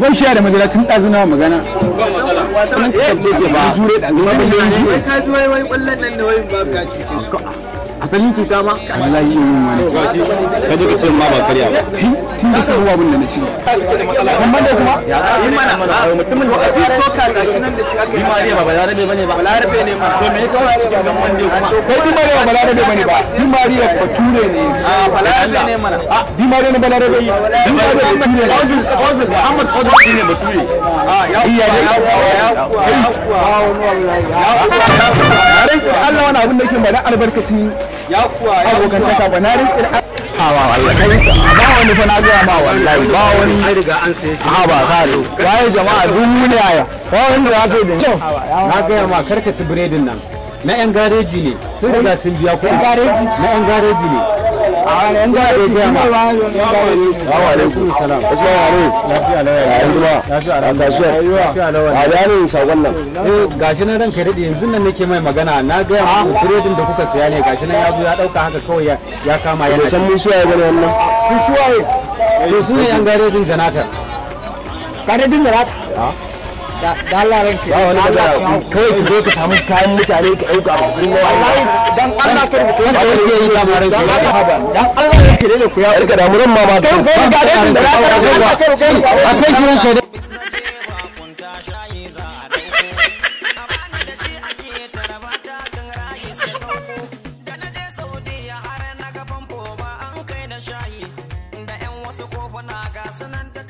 ban shi da madara tun ɗazu nawa magana wasan ce ba jure da wai wai ba. kwallon nan da wai ba ka cuce asalin cuta ma wallahi yin ka ji ka ce ma ba karya ba Kin da sabuwa abin da na ci amma da kuma yi mana mutumin da soka ga shi nan da shi yi ma ne ba balarabe bane ba balarabe ne ma to me ya kawo cikin nan wanda kuma kai di bane ba di mariya bature ne a balarabe ne mana a di ne balarabe di mariya bature ne ozil muhammad sodi ne a ya ya ya ya ya ya ya ya ya ya rantsi Allah wani abin da yake albarkacin abokantaka ba na rantsi da Allah Allah ba wani fa na ma wallahi ba wani riga an sai shi ha ba waye jama'a duniya ya ba wani da aka na ma karkace biredin nan na yan gareji ne sun riga sun biya kuɗi gareji na yan gareji ne yan za kuma sakon nan gashi na ranka daɗe yanzu nan nake mai magana na ga biredin da kuka saya ne gashi nan ya zo ya ɗauka haka kawai ya kama yana san mun suwaye bane wannan mun suwaye to su ne yan garejin janata garejin janata da Allah ranki wani da kawai ki zo ka samu kayan mutane ka ɗauka a cikin yawa dan Allah ka rubuta wanda yake yi da maran ki dan Allah da da ku ya rika da muran mama kai ko ga da da da da da da da da da da da da